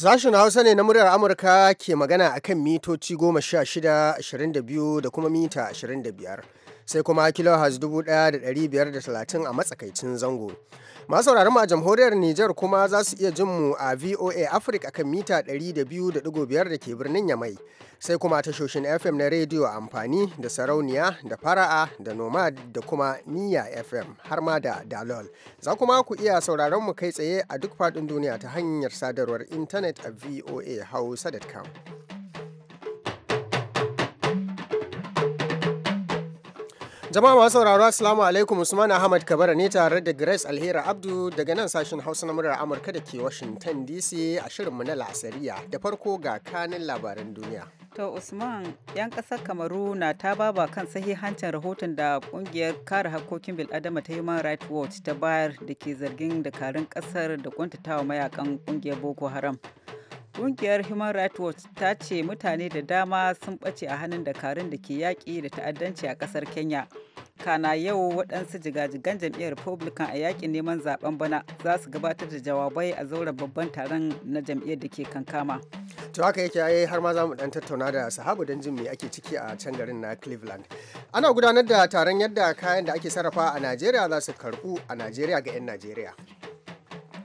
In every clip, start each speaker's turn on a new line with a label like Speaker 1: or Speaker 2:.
Speaker 1: Sashen Hausa ne na muryar Amurka ke magana a kan mitoci 16, 22 da kuma mita 25, sai kuma kilo 1530 a matsakaicin zango. masauraran mu a jamhuriyar Nijar kuma za su iya jin mu a VOA Africa kan mita 200.5 da ke birnin Yamai sai kuma tashoshin FM na rediyo amfani da sarauniya da fara'a da nomad da kuma niya FM har ma da dalol za kuma ku iya sauraron mu kai tsaye a duk faɗin duniya ta hanyar sadarwar intanet a voa hausa.com Jama'a masu sauraro Assalamu alaikum Usman Ahmad Kabara ne tare da Grace Alhera Abdu daga nan sashen Hausa na murar Amurka da ke Washington DC a shirinmu na lasariya da farko ga kanin labaran duniya.
Speaker 2: To Usman, 'yan kasar Kamaru na ta baba kan sahihancin rahoton da kungiyar kare hakokin bil'adama ta Human Rights Watch ta bayar da ke zargin dakarun kasar da kwantatawa mayakan kungiyar Boko Haram. Ƙungiyar Human Rights Watch ta ce mutane da dama sun ɓace a hannun dakarun da ke yaƙi da ta'addanci a ƙasar Kenya. Kana yau waɗansu jigajigan jam'iyyar Republican a yaƙin neman zaben bana za su gabatar
Speaker 1: da jawabai a zauren babban taron na jam'iyyar da ke kankama. to haka yake ai har ma za mu dan tattauna da sahabu don jin me ake ciki a can garin na cleveland ana gudanar da taron yadda kayan da ake sarrafa a najeriya za su karbu a najeriya ga 'yan najeriya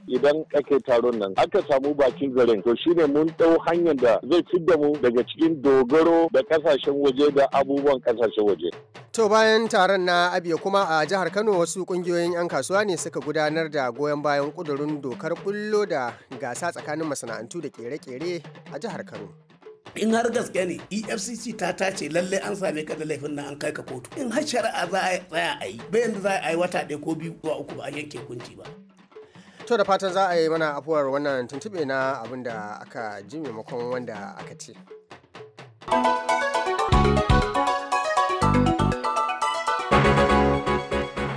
Speaker 3: idan ake taron nan aka samu bakin zaren to shine mun dau hanyar da zai da mu daga cikin dogaro da kasashen waje da abubuwan kasashen waje.
Speaker 1: To bayan taron na abiya kuma a jihar Kano wasu kungiyoyin 'yan kasuwa ne suka gudanar da goyon bayan kudurin dokar kullo da gasa tsakanin masana'antu da kere-kere a jihar Kano. in har gaske ne efcc ta tace lallai an same ka da laifin nan an kai ka kotu in har shari'a za
Speaker 4: a tsaya a yi bayan da za a yi wata ɗaya ko biyu kuwa uku ba a yanke kunci ba
Speaker 1: to da fatan za a yi mana afuwar wannan tuntube na abin da aka ji maimakon wanda aka ce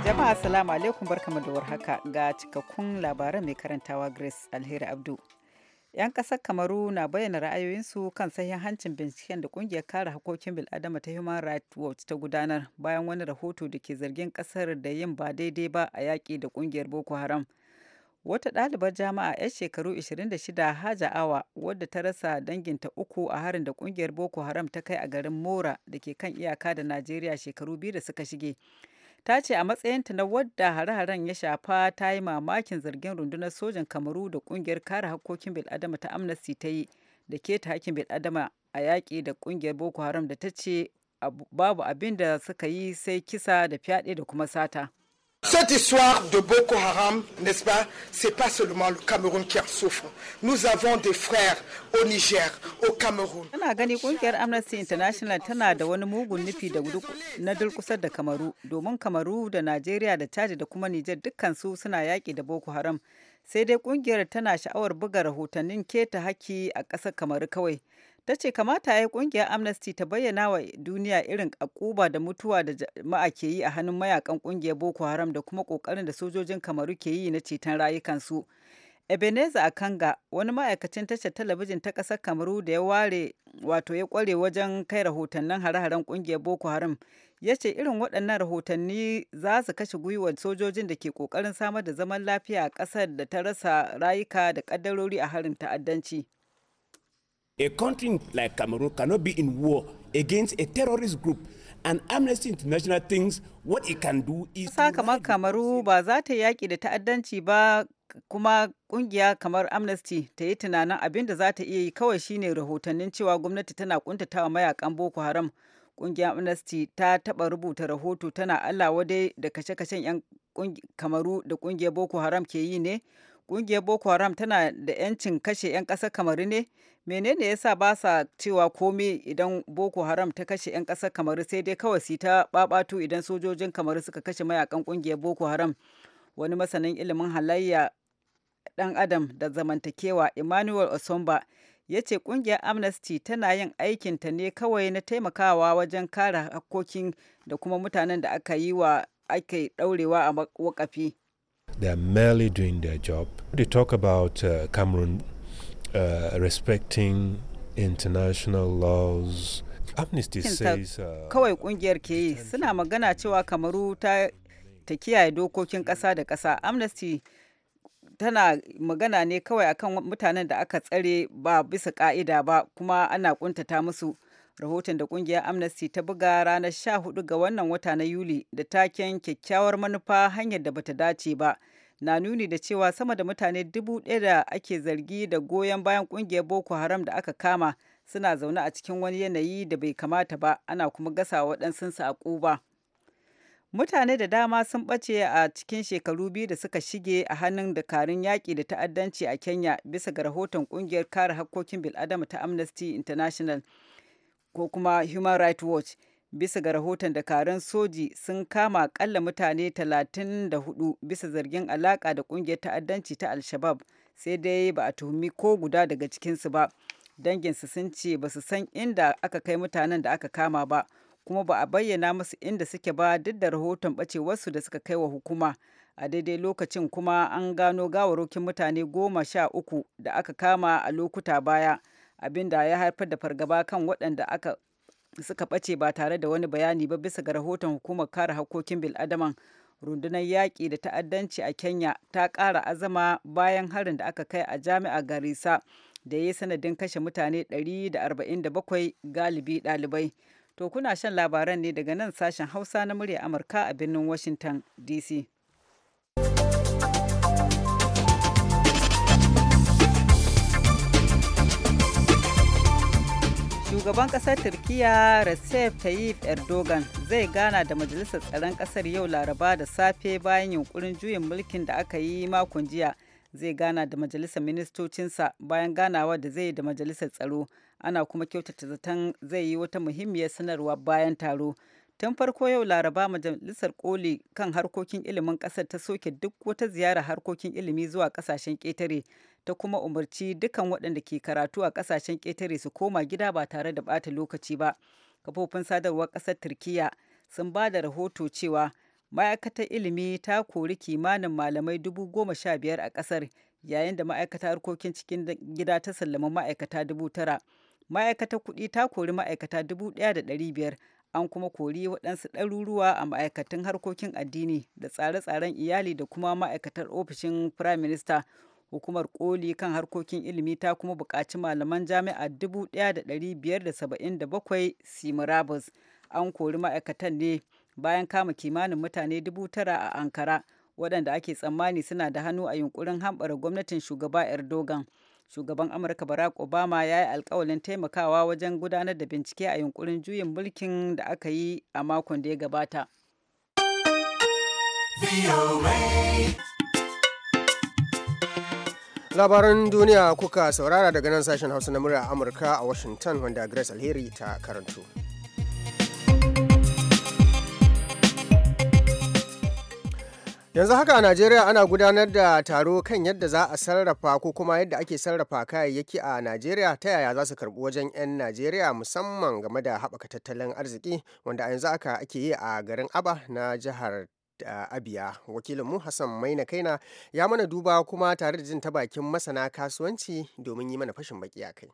Speaker 2: jama'a salamu alaikum barkamu da warhaka ga cikakkun labaran mai karantawa grace alheri abdu 'yan kasar kamaru na bayyana ra'ayoyinsu kan hancin binciken da kungiyar kare hakokin bil'adama ta human rights watch ta gudanar bayan wani rahoto da ke zargin ƙasar da yin ba daidai ba a yaƙi da ƙungiyar boko haram Wata ɗalibar jami'a 'yar shekaru 26 Haja Awa wadda ta rasa danginta uku a harin da ƙungiyar Boko Haram ta kai a garin Mora da ke kan iyaka da Najeriya shekaru biyu da suka shige. Ta ce a matsayinta na wadda hare-haren ya shafa ta yi mamakin zargin rundunar sojan Kamaru da ƙungiyar kare hakkokin bil'adama ta Amnesty ta yi da keta hakkin bil'adama a yaƙi da kungiyar Boko Haram da ta ce babu abin da suka yi sai kisa da fyaɗe da kuma sata.
Speaker 5: Cette histoire de Boko Haram, n'est-ce pas, c'est pas seulement le Cameroun qui en souffre. Nous avons des frères au Niger, au Cameroun.
Speaker 2: Ana gani kungiyar Amnesty International tana da wani mugun nufi da na dulkusar da Kamaru, domin Kamaru da Najeriya da Chad da kuma Niger dukkan su suna yaki da Boko Haram. Sai dai kungiyar tana sha'awar buga rahotannin keta haki a ƙasar Kamaru kawai. ta ce kamata ya yi kungiyar amnesty ta bayyana wa duniya irin akuba da mutuwa da jama'a ke yi a hannun mayakan kungiyar boko haram da kuma kokarin da sojojin kamaru ke yi na ceton rayukansu ebenezer akanga wani ma'aikacin tashar talabijin ta ƙasar kamaru da ya ware wato ya kware wajen kai rahotannin hare-haren kungiyar boko haram ya ce irin waɗannan rahotanni za su kashe gwiwar sojojin da ke ƙoƙarin samar da zaman lafiya a ƙasar da ta rasa rayuka da ƙaddarori a harin ta'addanci.
Speaker 4: A country like Cameroon cannot be in war against a terrorist group. And Amnesty International things what it can do
Speaker 2: is... kamar Kamaru ba za ta yaki da ta'addanci ba kuma kungiya kamar Amnesty ta yi tunanin abin da za ta iya yi kawai shine rahotannin cewa gwamnati tana kuntatawa mayakan Boko Haram. kungiya Amnesty ta taɓa rubuta rahoto tana Allah dai da kashe-kashen 'yan kamaru da kungiyar Boko Haram ke yi ne Ƙungiyar Boko Haram tana da 'yancin kashe 'yan ƙasar kamaru ne? Menene ya sa ba sa cewa komai idan Boko Haram ta kashe 'yan ƙasar kamaru sai dai kawai su ta ɓaɓatu idan sojojin kamaru suka kashe mayakan ƙungiyar Boko Haram? Wani masanin ilimin halayya ɗan adam da zamantakewa Emmanuel Osomba ya ce kungiyar amnesty tana yin aikinta ne kawai na taimakawa wajen kare hakkokin da kuma mutanen da aka yi wa ake daurewa a wakafi
Speaker 4: They are merely doing their job. They talk about uh, Cameroon uh, respecting international
Speaker 3: laws. Amnesty
Speaker 6: says. Uh,
Speaker 2: kawai kungiyar ke yi suna magana cewa Kamaru ta kiyaye dokokin ƙasa da ƙasa. Amnesty tana magana ne kawai akan mutanen da aka tsare ba bisa ƙa'ida ba kuma ana ƙuntata musu. rahoton da kungiyar amnesty ta buga ranar 14 ga wannan wata na yuli da taken kyakkyawar manufa hanyar da bata dace ba na nuni da cewa sama da mutane dubu ɗaya da ake zargi da goyon bayan kungiyar boko haram da aka kama suna zaune a cikin wani yanayi da bai kamata ba ana kuma gasa waɗansunsu a ƙuba mutane da dama sun ɓace a cikin shekaru biyu da suka shige a hannun dakarun yaƙi da ta'addanci a kenya bisa ga rahoton kungiyar kare hakkokin bil'adama ta amnesty international ko kuma Human Rights Watch bisa ga rahoton dakarun soji sun kama kalla mutane 34 bisa zargin alaka da kungiyar ta'addanci ta Al-Shabab sai dai ba a tuhumi ko guda daga cikinsu ba. Danginsu sun ce ba su san inda aka kai mutanen da aka kama ba, kuma ba a bayyana musu inda suke ba duk da rahoton ɓacewarsu da suka kai wa hukuma. A daidai lokacin kuma an gano gawarokin mutane goma sha uku da aka kama a lokuta baya. abin da ya haifar da fargaba kan waɗanda aka suka ɓace ba tare da wani bayani ba bisa ga rahoton hukumar kare hakokin bil'adaman rundunar yaƙi da ta'addanci a kenya ta ƙara azama bayan harin da aka kai a jami'a garisa da ya yi sanadin kashe mutane 147 galibi ɗalibai to kuna shan labaran ne daga nan sashen hausa na murya amurka a birnin washington dc Shugaban kasar turkiya Recep Tayyip Erdogan zai gana da Majalisar Tsaron kasar yau Laraba da safe bayan yunkurin juyin mulkin da aka yi makon jiya. Zai gana da Majalisar Ministocinsa bayan ganawa da zai yi da Majalisar Tsaro. Ana kuma kyautata zaton zai yi wata muhimmiyar sanarwa bayan taro. Tun farko yau Laraba Majalisar Koli kan harkokin ilimin ƙasar ta soke duk wata ziyara harkokin ilimi zuwa kasashen ƙetare ta kuma umarci dukkan waɗanda ke karatu a kasashen ƙetare su koma gida ba tare da bata lokaci ba. Kafofin sadarwar ƙasar Turkiyya sun ba da rahoto cewa ma'aikatar ilimi ta kori kimanin malamai dubu goma sha biyar a ƙasar yayin da ma'aikata harkokin cikin gida ta sallama ma'aikata dubu tara. Ma'aikatar kuɗi ta kori ma'aikata dubu ɗaya da ɗari biyar an kuma kori waɗansu ɗaruruwa a ma'aikatan harkokin addini da tsare-tsaren iyali da kuma ma'aikatar ofishin prime minister hukumar koli kan harkokin ilimi ta kuma buƙaci malaman jami'a 1,577 su murabus an kori ma'aikatan ne bayan kama kimanin mutane 9,000 a ankara waɗanda ake tsammani suna da hannu a yunkurin hambara gwamnatin shugaba erdogan shugaban amurka barack obama ya yi alkawalin taimakawa wajen gudanar da bincike a yunkurin juyin mulkin da aka yi a makon da ya gabata
Speaker 1: labaran duniya kuka saurara daga nan sashen hausa na murya amurka a washington wanda grace alheri ta karanto yanzu haka a najeriya ana gudanar da taro kan yadda za a sarrafa ko kuma yadda ake sarrafa kayayyaki a najeriya ta yaya za su karbi wajen 'yan najeriya musamman game da haɓaka tattalin arziki wanda a yanzu aka ake yi a garin aba na jihar abiya wakilinmu hassan maina kaina ya mana duba kuma tare da jin ta bakin masana kasuwanci domin yi mana fashin baki a kai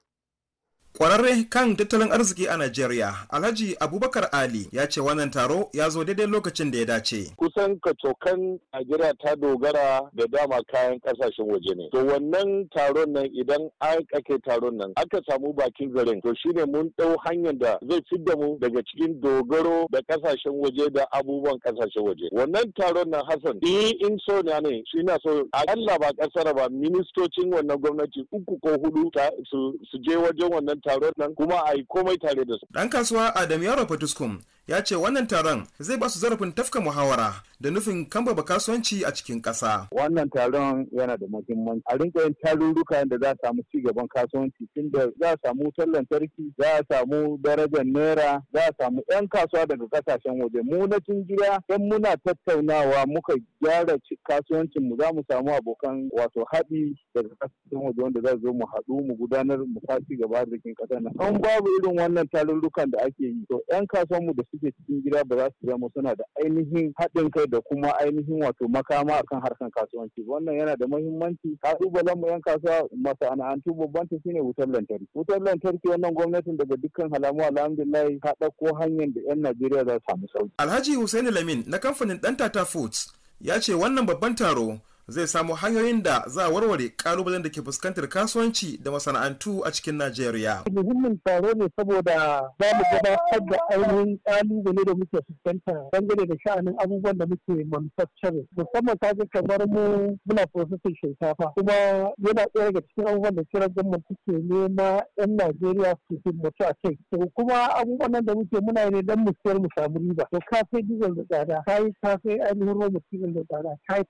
Speaker 5: Kwararre kan tattalin arziki a Najeriya, Alhaji Abubakar Ali ya ce wannan taro ya zo daidai lokacin da ya dace.
Speaker 3: Kusan kacokan Najeriya ta dogara da dama kayan kasashen waje ne. To wannan taron nan idan kake taron nan aka samu bakin garin to shine mun dau hanyar da zai da mu daga cikin dogaro da kasashen waje da abubuwan kasashen waje. Wannan taron nan Hassan ni in so ne ne shi na so Allah ba kasar ba ministocin wannan gwamnati uku ko hudu su je wajen wannan taron nan kuma a yi
Speaker 5: komai tare da su. Ɗan kasuwa Adam Yaro Fatuskum ya ce wannan taron zai ba su zarafin tafka muhawara da nufin kambaba kasuwanci a cikin ƙasa. Wannan taron yana da muhimmanci. A
Speaker 3: rinka yin tarurruka da za a samu ci gaban kasuwanci da za a samu wutar lantarki, za a samu darajar naira, za a samu 'yan kasuwa daga kasashen waje. Mu na tun gida don muna tattaunawa muka gyara kasuwancin mu za mu samu abokan wato haɗi daga kasashen waje wanda za zo mu haɗu mu gudanar mu faci gaba arzikin ƙasar nan. An babu irin wannan tarurrukan da ake yi to 'yan kasuwan mu da su suke cikin gida ba za su zama suna da ainihin haɗin kai da kuma ainihin wato makama akan harkan kasuwanci wannan yana da muhimmanci kalubalen mu yan kasuwa masana'antu babban ta shine wutar lantarki wutar lantarki wannan gwamnatin daga dukkan halamu alhamdulillah ta ɗauko hanyar da yan Najeriya za su samu sauki
Speaker 5: Alhaji Hussaini Lamin na kamfanin Dantata Foods ya ce wannan babban taro zai samu hanyoyin da za a warware kalubalen da ke fuskantar kasuwanci da masana'antu a cikin Najeriya.
Speaker 3: Muhimmin taro ne saboda za mu gabatar da ainihin kalubale da muke fuskanta dangane da sha'anin abubuwan da muke manufacture. musamman ta kaga bar mu muna processing shinkafa kuma yana ɗaya daga cikin abubuwan da kiran gwamnati suke nema 'yan Najeriya su fi a kai. To kuma abubuwan nan da muke muna ne don mu siyar mu samu riba. To ka dizel da tsada, kayi yi ainihin robo da tsada, kayi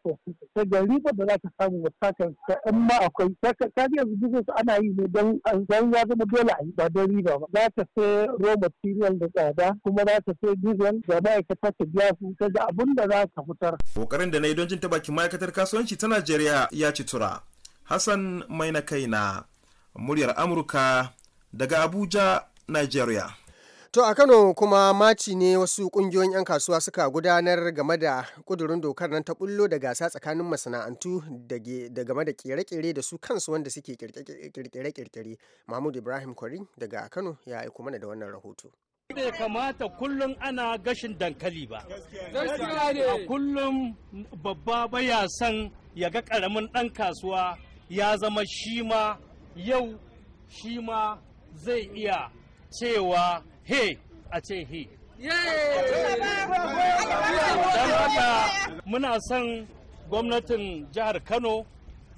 Speaker 3: yi ribar da za ta samu ba ta in ma akwai ta yanzu business ana yi ne don an ya zama dole a yi ba don riba ba za ta sai raw material da tsada kuma za ta sai diesel da ma'aikata ta biya su ta ga abin da za ka fitar.
Speaker 5: kokarin da na yi don jin ta ma'aikatar kasuwanci ta najeriya ya ci tura hassan mai na kaina muryar amurka daga abuja nigeria.
Speaker 1: To a Kano kuma maci ne wasu kungiyoyin 'yan kasuwa suka gudanar game da kudurin dokar nan ta bullo da gasa tsakanin masana'antu da game da kere-kere da su kansu wanda suke kirkire-kirkire. Mahmud Ibrahim Kwari daga Kano ya aiko mana da wannan rahoto.
Speaker 4: bai kamata kullum ana gashin dankali ba. A kullum babba baya son ya ga karamin ɗan kasuwa
Speaker 7: ya zama shi yau shima zai iya cewa he a ce he muna son gwamnatin jihar kano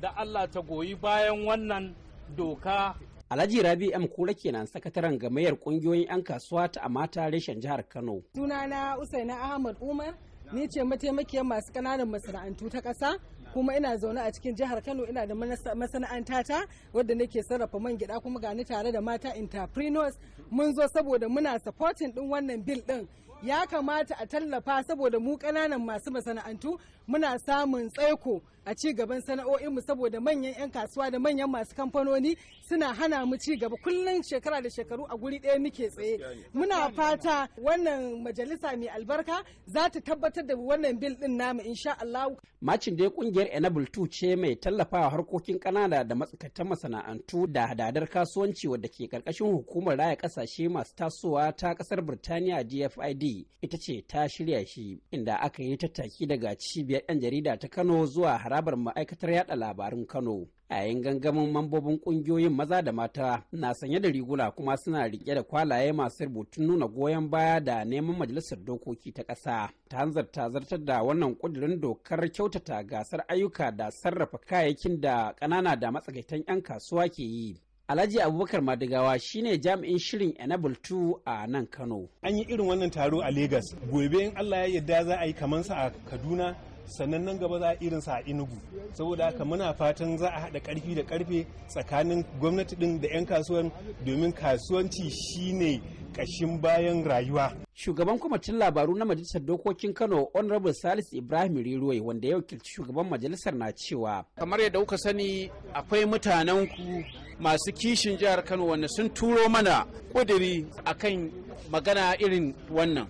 Speaker 7: da allah ta
Speaker 4: goyi bayan wannan doka Alhaji Rabi M Kura kenan sakataren gamayar kungiyoyin 'yan kasuwa ta Amata reshen jihar Kano.
Speaker 2: Sunana Usaina Ahmad Umar, ni ce mataimakiyar masu ƙananan masana'antu ta ƙasa. kuma ina zaune a cikin jihar Kano ina da masana'anta ta wadda nake sarrafa man gida kuma gani tare da mata entrepreneurs mun zo saboda muna supporting din wannan bill din ya kamata a tallafa saboda mu ƙananan masu masana'antu muna samun tsaiko a ci gaban sana'o'inmu saboda manyan 'yan kasuwa da manyan masu kamfanoni suna hana mu ci gaba kullum shekara da shekaru a guri ɗaya muke tsaye muna fata wannan majalisa mai albarka za ta tabbatar da
Speaker 4: wannan bil din namu insha Allah macin dai kungiyar enable 2 ce mai tallafawa harkokin kanada da matsakaitan masana'antu da hadadar kasuwanci wadda ke karkashin hukumar raya kasashe masu tasowa ta kasar birtaniya gfid ita ce ta shirya shi inda aka yi tattaki daga cibiyar 'yan jarida ta kano zuwa hara harabar ma'aikatar yada labarun Kano. A yayin gangamin mambobin kungiyoyin maza da mata na sanye da rigula kuma suna rike da kwalaye masu rubutun nuna goyon baya da neman majalisar dokoki ta ƙasa. Ta hanzarta zartar da wannan ƙudurin dokar kyautata gasar ayyuka da sarrafa kayayyakin da ƙanana da matsakaitan 'yan kasuwa ke yi. Alhaji Abubakar Madigawa shine jami'in shirin Enable 2 a nan Kano. An yi irin wannan taro a lagos Gobe in Allah ya yarda za a yi kamansa a Kaduna sannan nan gaba za a irin sa a inugu saboda haka muna fatan za a haɗa karfi da karfe tsakanin gwamnati din da 'yan kasuwan domin kasuwanci shine kashin bayan rayuwa shugaban kwamitin labaru na majalisar dokokin kano honorable salis ibrahim riroy wanda ya wakilci shugaban majalisar na cewa kamar yadda kuka sani akwai mutanen ku masu kishin jihar kano wanda sun turo mana kudiri akan magana irin wannan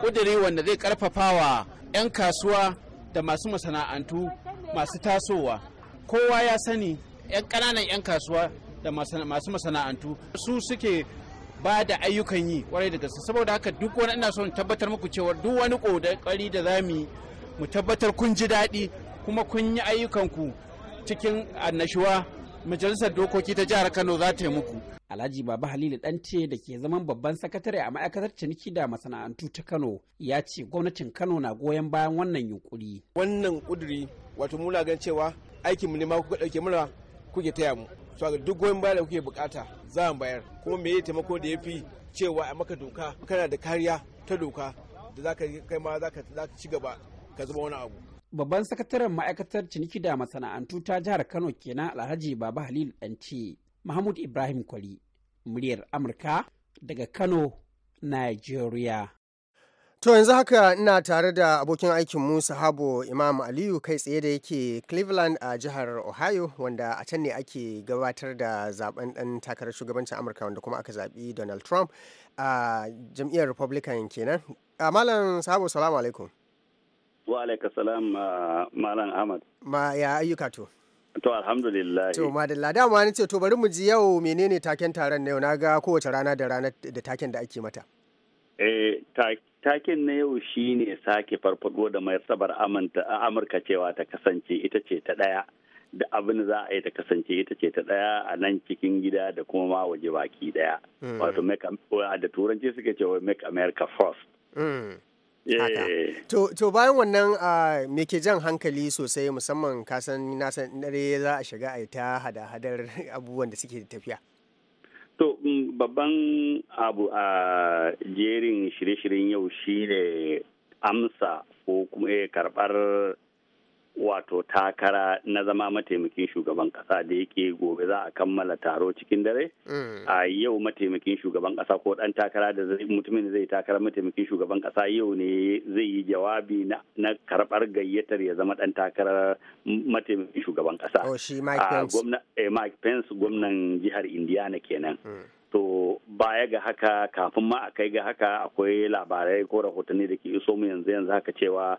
Speaker 4: kudiri wanda zai karfafawa 'yan kasuwa da masu masana'antu masu tasowa kowa ya sani 'yan ƙananan 'yan kasuwa da masu masana'antu su suke ba da ayyukan yi kwarai da gaske saboda haka duk wani ina son tabbatar muku cewa duk wani ƙoƙari da za mu yi mu tabbatar kun ji daɗi kuma kun yi ayyukanku cikin annashuwa majalisar dokoki ta jihar Kano za ta yi muku. Alhaji Baba Halilu Dante da ke zaman babban sakatare a ma'aikatar ciniki da masana'antu ta Kano ya ce gwamnatin Kano na goyon bayan wannan yunkuri. Wannan kuduri wato muna gan cewa aikin mu ne ma kuka dauke mura kuke taya mu. So duk goyon bayan da kuke bukata za mu bayar kuma me ya taimako da ya fi cewa a maka doka kana da kariya ta doka da za ka kai ma za ka ci gaba ka zama wani abu. babban sakataren ma'aikatar ciniki da masana'antu ta jihar kano kenan alhaji baba halil ɗanci mahmud ibrahim kwali muryar amurka daga
Speaker 1: kano nigeria To yanzu haka ina tare da abokin aikin mu Sahabo Imam Aliyu kai tsaye da yake Cleveland a jihar Ohio wanda a can ne ake gabatar da zaben dan takarar shugabancin Amurka wanda kuma aka zaɓi Donald Trump a jam'iyyar Republican kenan. Malam Sahabo salamu alaikum.
Speaker 7: Wa alaika salam Malam Ahmad.
Speaker 1: Ma ya ayyuka to.
Speaker 7: To alhamdulillah. To
Speaker 1: madalla dama ni ce to bari mu ji yau menene taken taron na yau na ga kowace rana da rana da taken da ake mata.
Speaker 7: Eh taken na yau shine sake farfado da martabar Amurka cewa ta kasance ita ce ta ɗaya. da abin za a yi ta kasance ita ce ta ɗaya a nan cikin gida da kuma ma waje baki daya hmm. Wato da turanci suka ce make America first.
Speaker 1: Hmm. To bayan wannan ah, me ke jan hankali sosai musamman kasan san dare za a shiga a ta hada-hadar abubuwan da suke tafiya.
Speaker 7: To mm, babban abu a jerin shirye-shiryen yau shi ne amsa ko kuma eh, karɓar wato takara na zama mataimakin shugaban kasa da yake gobe za a kammala taro cikin dare mm. a yau mataimakin shugaban kasa ko dan takara da mutumin zai takara mataimakin shugaban kasa yau ne zai yi jawabi na karbar gayyatar ya zama dan takara mataimakin shugaban kasa oh, eh, Mike Pence gwamnan jihar Indiana kenan. Mm. to baya ga haka kafin ma a kai ga haka akwai labarai ko rahotanni da ke iso mu yanzu yanzu haka cewa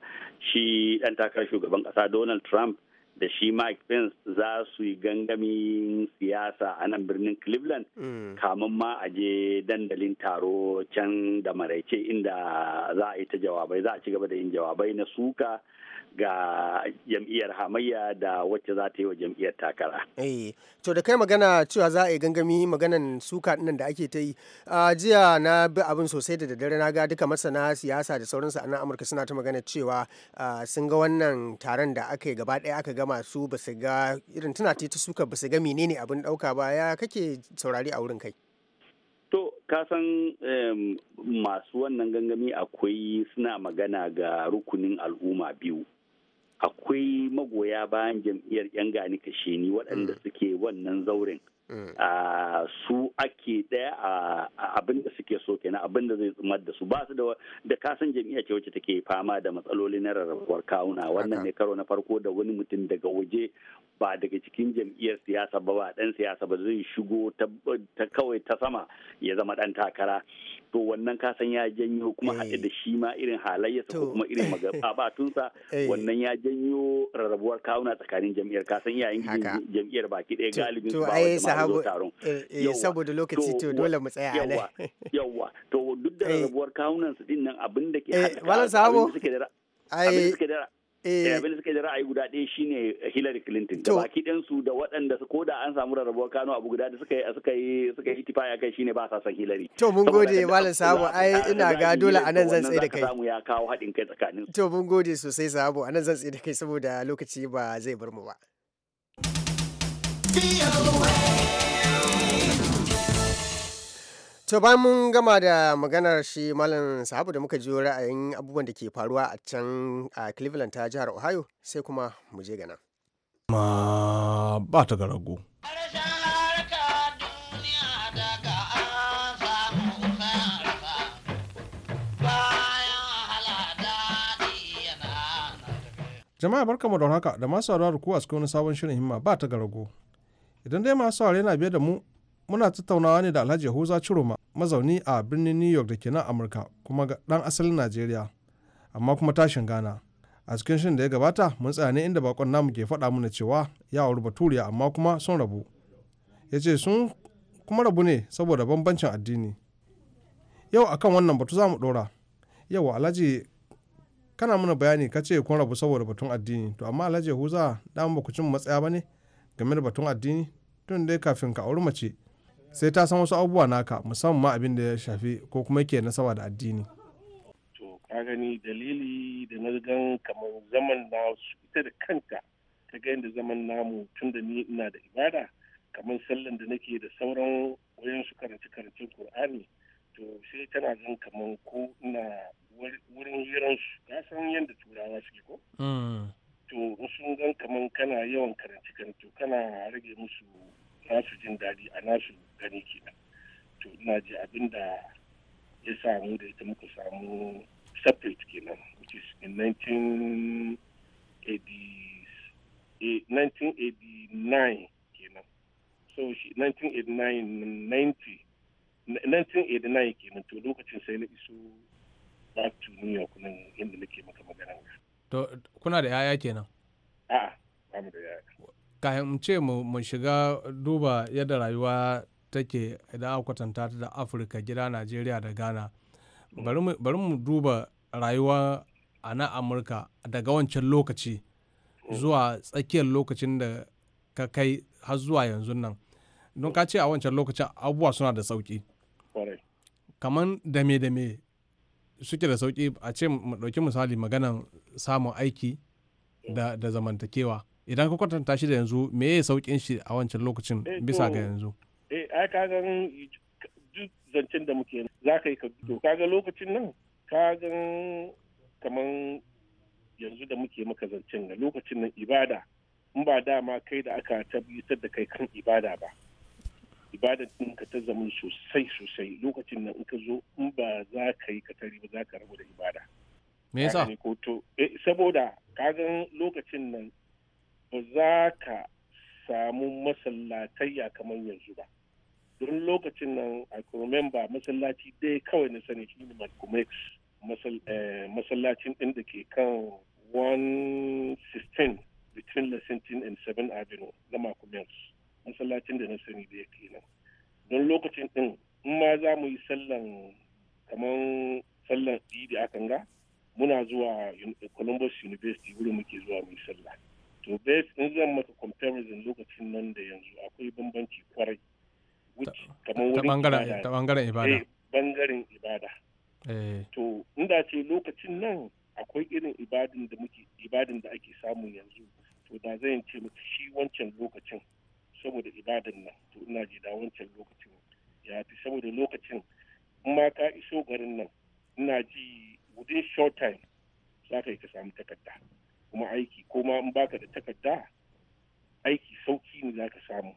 Speaker 7: shi dan takarar shugaban kasa donald trump da shi mike pence za su yi gangamin siyasa a nan birnin cleveland mm. kamun ma a je dandalin taro can da maraice inda za a yi ta jawabai za a ci gaba da yin jawabai na suka ga jam'iyyar hamayya da wacce za ta yi wa jam'iyyar takara.
Speaker 1: Eh, to da kai magana cewa za a yi gangami maganan suka nan da ake ta yi. A jiya na bi abin sosai da daddare na ga duka masana siyasa da sauransu a nan Amurka suna ta magana cewa sun ga wannan taron da aka yi gaba ɗaya aka gama su ba su ga irin tana ta suka ba su ga menene abin ɗauka ba ya kake saurari a wurin kai.
Speaker 7: To, kasan masu wannan gangami akwai suna magana ga rukunin al'umma biyu. akwai magoya bayan jam'iyyar 'yan gani kashe ni waɗanda mm. suke wannan zauren su ake daya abin da suke so kenan abin da zai tsumar da su ba su da kasan jami'a ce wacce take fama da matsaloli na rarrabuwar kawuna wannan ne karo na farko da wani mutum daga waje ba daga cikin jam'iyyar siyasa ba ba dan siyasa ba zai shigo ta kawai ta sama ya zama dan takara to wannan kasan ya janyo kuma haɗe eh. da shi ma irin halayya ko kuma irin magabatunsa eh. wannan ya janyo rarrabuwar kawuna tsakanin jam'iyyar kasan yayin jam'iyyar baki ɗaya galibin su ba taron
Speaker 1: eh, eh, saboda lokaci to dole mu tsaya ne
Speaker 7: yawa to duk da eh. rabuwar kawunan su din nan abin da ke haɗa ka sabo suke da abin suke da abin da suke da ra'ayi guda ɗaya shine Hillary Clinton da baki ɗan su da waɗanda su koda an samu rarrabuwar kano abu guda da suka yi suka yi suka yi tifa kai shine ba sa san Hillary to mun gode malam sabo ai ina ga dole anan zan tsaye da kai samu ya kawo haɗin kai tsakanin
Speaker 1: to mun gode sosai sabo anan zan tsaye da kai saboda lokaci ba zai bar mu ba
Speaker 6: Be away.
Speaker 1: To bayan mun gama da maganar shi Malam Sahabu da muka ji ra'ayin abubuwan da ke faruwa a can a Cleveland ta jihar Ohio sai kuma mu je gana.
Speaker 6: Ma ba ta garago. Jama'a barkamu da haka da masu sauraro ku a cikin wani sabon shirin himma ba ta garago. Idan dai masu sauraro yana biye da mu muna tattaunawa ne da alhaji yahuza ciroma mazauni a birnin new york da ke nan amurka kuma dan asalin najeriya amma kuma tashin ghana a cikin shirin da ya gabata mun tsaya ne inda bakon namu ke faɗa mana cewa ya auri baturiya amma kuma sun rabu ya ce sun kuma rabu ne saboda bambancin addini yau akan wannan batu za mu ɗora yau alhaji kana mana bayani ka ce kun rabu saboda batun addini to amma alhaji yahuza dama ba ku cin matsaya ba ne game da batun addini tun dai kafin ka auri mace sai ta san wasu abubuwa naka musamman abin da ya shafi ko kuma ke nasaba da addini
Speaker 3: to ka gani dalili da na gan kamar zaman na ita da kanta ta ga da zaman namu tun da ni ina da ibada kamar sallan da nake da sauran wayan su karanci karancen qur'ani to sai tana gan kamar ko ina wurin hiran su ka san yadda turawa suke ko hmm. to sun gan kamar kana yawan karanci karance kana rage musu nasu jin daɗi a nasu gani kenan to ina ji abin da ya samu da ita muka samu separate kenan which is in 1989 eh, kenan so shi 1989 1989 kenan to lokacin sai na iso back to new york nan inda nake maka magana
Speaker 6: to kuna da yaya kenan
Speaker 3: a'a ba mu da yaya
Speaker 6: kayan ce mu shiga duba yadda rayuwa take idan aka kwatanta ta da afirka gida najeriya da ghana bari mu duba rayuwa a na amurka daga wancan lokaci zuwa tsakiyar lokacin da ka kai har zuwa yanzu nan don ka ce a wancan lokacin abubuwa suna da sauki kamar dame-dame suke da sauki a ce mu ɗauki misali maganan samun aiki da zamantakewa idan ka kwatanta shi da yanzu me ya saukin shi a wancan lokacin eh, bisa ga yanzu
Speaker 3: eh ai ka gan duk zancen da muke za ka yi ka to kaga lokacin nan ka gan kaman yanzu da muke maka zancen na lokacin nan ibada in ba dama kai da aka tabbatar da kai kan ibada ba ibada ka ta zama sosai sosai lokacin nan in ka zo in ba za ka yi ka tari ba za ka rabu da ibada me yasa ko to eh, saboda kagan lokacin nan ba za ka samu masallatayya kamar yanzu ba don lokacin nan a remember masallaci dai kawai na sani shi ne eh, masallacin ɗin da ke kan 116 between Lexington and 7 Avenue na Makumex masallacin da na sani dai ke nan don lokacin ɗin in ma za mu yi sallan kamar sallan idi akan ga muna zuwa Columbus University wurin muke zuwa mu yi sallah to base in zan masa comparison lokacin nan da yanzu akwai bambanci kwarai ta bangaren ibada eh, bangaren ibada eh. to inda ce lokacin nan akwai irin ibadin da muke ibadin da ake samu yanzu to da zan ce mutu shi wancan lokacin saboda ibadin nan to ina ji da wancan lokacin ya fi saboda lokacin in ma ka iso garin nan ina ji within short time za ka yi ka samu takarda kuma in baka da takarda aiki sauki ne za ka samu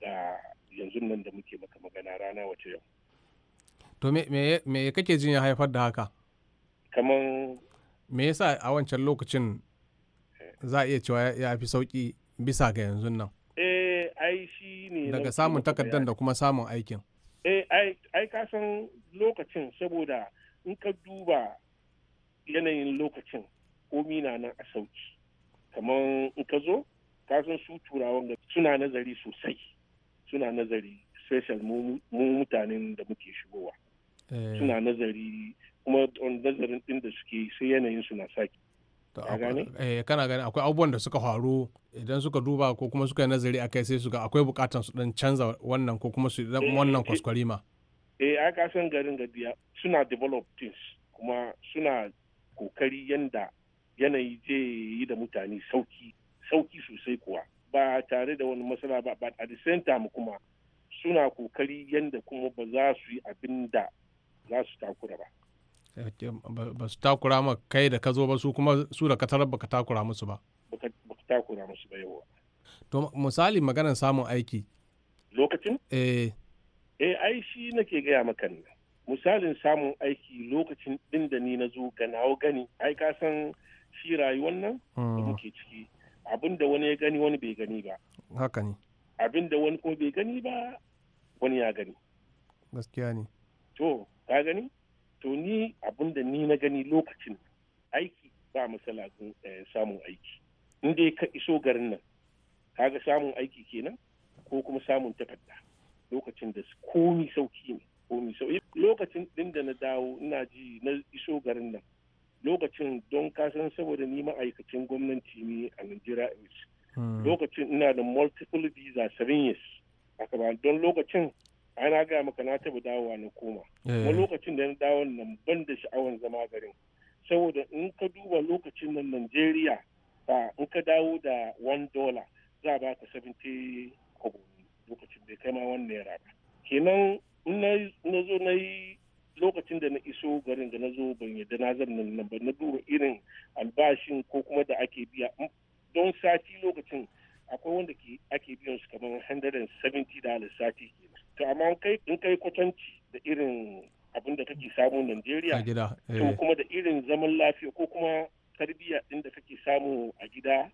Speaker 3: da yanzu nan da muke maka magana rana wace yau
Speaker 6: to me kake jin ya haifar da haka
Speaker 3: kaman
Speaker 6: me yasa a wancan lokacin za a iya cewa ya fi sauki bisa ga yanzu nan
Speaker 3: eh ai shi ne daga samun takardar da
Speaker 6: kuma samun aikin
Speaker 3: eh ai ka san lokacin saboda in ka duba yanayin lokacin komi na nan a sauki kamar in ka zo ka san su turawan da suna nazari sosai suna nazari special mu mutanen da muke shigowa eh. suna nazari kuma nazarin din da suke sai yanayin suna saki
Speaker 6: eh, kana gani akwai abubuwan da suka faru idan suka duba ko kuma suka yi nazari akai sai su ga akwai bukatan su dan canza wannan ko kuma su eh, wannan kwaskwarima
Speaker 3: eh ka san garin gadiya suna develop things kuma suna kokari yanda yanayi zai yi da mutane sauki sauki sosai kuwa ba tare da wani matsala ba but at the same time kuma suna kokari yadda kuma ba za su yi abin da za su takura ba
Speaker 6: ba su takura ma kai da ka zo ba su kuma su da ka tarar ba ka takura musu ba
Speaker 3: ba ka takura musu ba yawa
Speaker 6: to misali maganar samun aiki lokacin eh
Speaker 3: eh ai shi nake gaya maka ne misalin samun aiki lokacin din da ni na zo ga nawo gani ai ka san shi rayuwar nan da hmm. muke ciki abin da wani ya gani wani bai gani ba haka ne abin da wani kuma bai gani ba wani ya gani gaskiya ne to ka gani to ni abin da ni na gani lokacin aiki ba matsala eh, samun aiki in dai ka iso garin nan kaga samun aiki kenan ko kuma samun takarda lokacin da komi sauki ne komi sauki lokacin din da na dawo ina ji na iso garin nan lokacin don kasan saboda ni ma'aikacin gwamnati ne a Najeriya hmm. lokacin ina da multiple visa seven years a don lokacin ana ga maka na taba dawowa na koma eh. kuma lokacin da na dawo nan ban da sha'awar zama garin saboda in ka duba lokacin nan Najeriya ba in ka dawo da one dollar za a baka 70 kobo lokacin bai kai ma wannan naira ba kenan na zo na yi lokacin da na iso garin da na zo ban yadda na zan nan ba na duba irin albashin ko kuma da ake biya don sati lokacin akwai wanda ake biyan su kamar 170 dollars sati to amma in kai kwatanci da irin abin da kake samu Najeriya to eh. kuma da irin zaman lafiya ko kuma tarbiyya din da kake samu a gida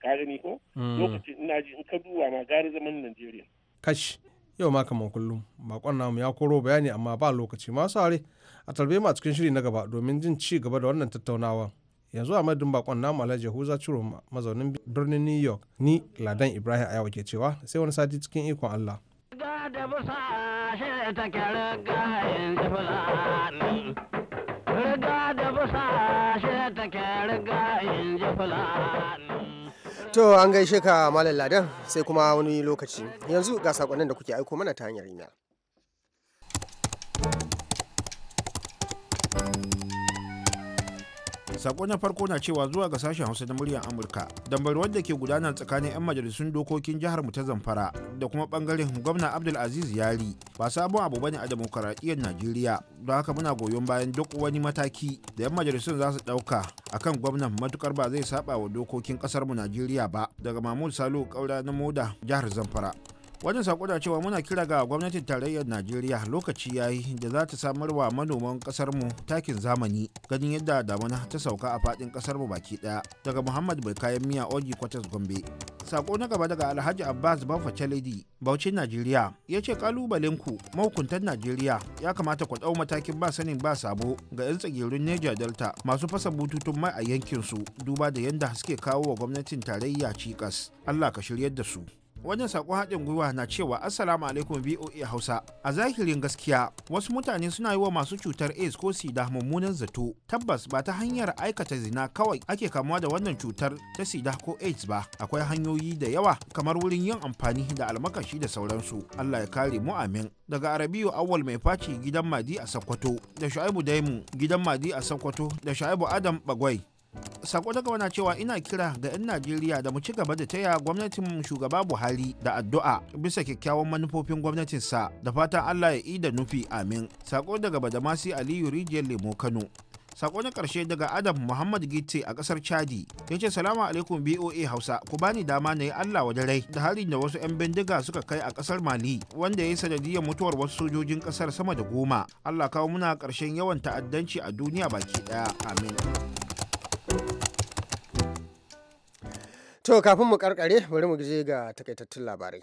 Speaker 3: ka gani ko mm. lokacin ina ji in ka duba ma gari zaman Najeriya
Speaker 6: kash yau ma kamar kullum bakon namu ya koro bayani amma ba lokaci masu are a tarbe ma cikin shiri na gaba domin jin ci gaba da wannan tattaunawa yanzu a madadin bakon namu alhaji yahuza ciro mazaunin birnin new york ni ladan ibrahim ayawa ke cewa sai wani sati cikin ikon allah
Speaker 4: da busa shi ta riga shi jifulani
Speaker 1: To an gaishe ka Malam Ladan sai kuma wani lokaci. Yanzu ga sakonnin da kuke aiko mana ta hanyar email.
Speaker 5: sako na farko na cewa zuwa ga sashen hausa na muryar amurka dambar wadda ke gudana tsakanin 'yan majalisun dokokin jihar mu ta zamfara da kuma bangaren gwamna abdul aziz yari ba sabon abu bane a demokaradiyyar najeriya don haka muna goyon bayan duk wani mataki da 'yan majalisun za su dauka akan gwamnan matukar ba zai saba wa dokokin kasar mu najeriya ba daga mahmud salo kaura na moda jihar zamfara wajen na cewa muna kira ga gwamnatin tarayyar najeriya lokaci yayi da za ta samar wa manoman kasar mu takin zamani ganin yadda damuna ta sauka a fadin kasar mu baki daya daga muhammad bai kayan miya oji kwatas gombe sako na gaba daga alhaji abbas bafa chaledi bauchin najeriya ya ce kalubalen ku mahukuntan najeriya ya kamata ku dau matakin ba sanin ba sabo ga yan tsagerun neja delta masu fasa bututun mai a yankin su duba da yadda suke kawo wa gwamnatin tarayya cikas allah ka shiryar da su wannan saƙon haɗin gwiwa na cewa assalamu alaikum voa hausa a zahirin gaskiya wasu mutane suna yi wa masu cutar aids ko sida mummunan zato tabbas ba ta hanyar aikata zina kawai ake kamuwa da wannan cutar ta sida ko aids ba akwai hanyoyi da yawa kamar wurin yin amfani da almakashi da sauransu allah ya kare mu amin daga arabiyu awwal mai faci gidan madi a sakkwato da shu'aibu daimu gidan madi a sokoto da shu'aibu adam bagwai sako daga wana cewa ina kira ga 'yan najeriya da mu ci gaba da taya gwamnatin shugaba buhari da addu'a bisa kyakkyawan manufofin gwamnatinsa da fatan allah ya ida nufi amin sako daga badamasi aliyu rijiyar lemo kano sako na karshe daga adam muhammad gitte a kasar chadi ya ce salamu alaikum boa hausa ku bani dama na yi allah wa dare da hari da wasu 'yan bindiga suka kai a kasar mali wanda ya yi sanadiyar mutuwar wasu sojojin kasar sama da goma allah kawo muna karshen yawan ta'addanci a duniya baki daya amin To kafin mu karkare bari mu je ga takaitattun labarai.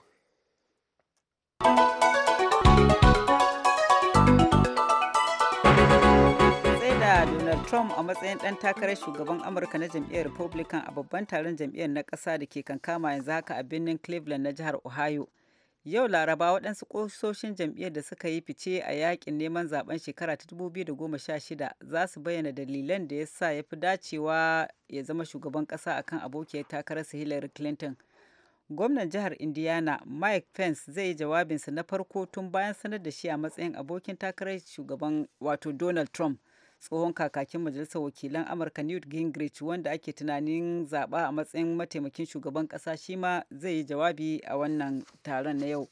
Speaker 2: Donald Trump a matsayin ɗan takarar shugaban Amurka na jam'iyyar Republican a babban taron jam'iyyar na ƙasa da ke kankama yanzu haka a birnin Cleveland na jihar Ohio. Yau Laraba waɗansu ƙososhin jam'iyyar da suka yi fice a yakin neman zaben shekara ta 2016 za su bayyana dalilan da ya sa ya fi dacewa ya zama shugaban ƙasa akan abokiyar takararsa Hillary Clinton. Gwamnan jihar Indiana Mike Pence zai yi jawabinsa na farko tun bayan sanar da shi a matsayin abokin takarar shugaban wato Donald Trump. tsohon kakakin majalisar wakilan amurka newt gingrich wanda ake tunanin zaɓa a matsayin mataimakin shugaban ƙasa shi ma zai yi jawabi a wannan taron na yau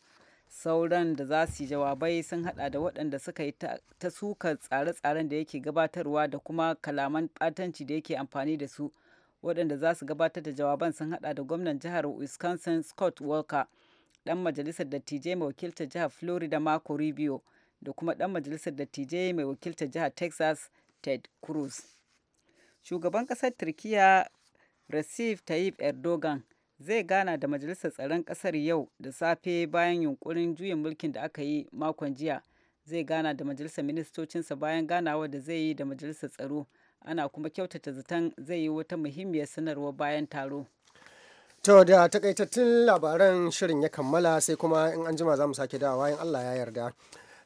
Speaker 2: sauran da za su yi jawabai sun hada da waɗanda suka yi ta suka tsare-tsaren da yake gabatarwa da kuma kalaman batanci da yake amfani da su waɗanda za su gabatar da jawaban sun hada da gwamnan jihar wisconsin scott walker ɗan majalisar dattijai mai wakiltar jihar florida marco rubio da kuma ɗan majalisar dattijai mai wakiltar jihar texas ted cruz shugaban ƙasar turkiya recep tayyip erdogan zai gana da majalisar tsaron ƙasar yau da safe bayan yunkurin juyin mulkin da aka yi makon jiya zai gana da majalisar ministocinsa bayan ganawa da zai yi da majalisar tsaro ana kuma kyautata zaton zai yi wata muhimmiyar sanarwa bayan taro
Speaker 1: To da takaitattun labaran shirin ya kammala sai kuma in an jima za mu sake dawa in Allah ya yarda.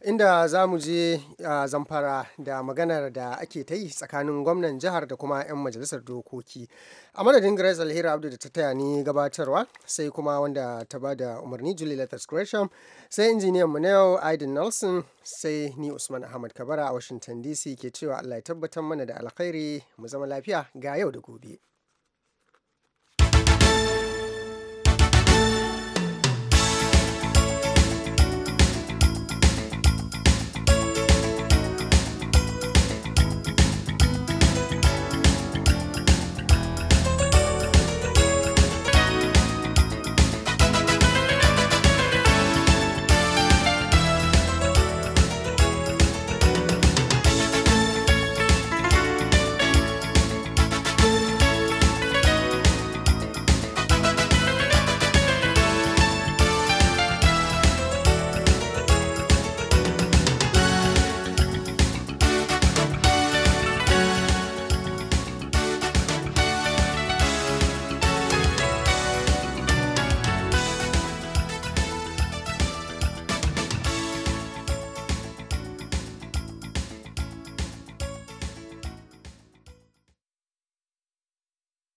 Speaker 1: inda za mu je a zamfara da maganar da ake ta yi tsakanin gwamnan jihar da kuma 'yan majalisar dokoki a madadin grace alheri abdu da ta taya ni gabatarwa sai kuma wanda ta ba da umarni julie letters gresham sai injiniyan mu na yau aidan nelson sai ni usman ahmad kabara a washington dc ke cewa allah ya tabbatar mana da alkhairi mu zama lafiya ga yau da gobe